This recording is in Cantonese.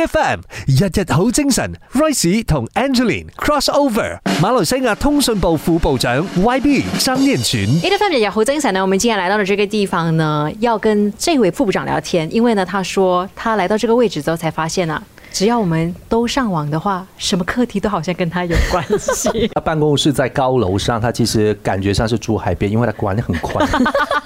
F.M. 日日好精神，Rice 同 Angelina crossover。馬來西亞通訊部副部長 Y.B. 張念群。F.M. 日日好精神呢？我們今天來到了這個地方呢，要跟這位副部長聊天，因為呢，他說他來到這個位置之後，才發現啦，只要我們都上網的話，什麼課題都好像跟他有關係。他辦公室在高樓上，他其實感覺上是住海邊，因為他管得很寬。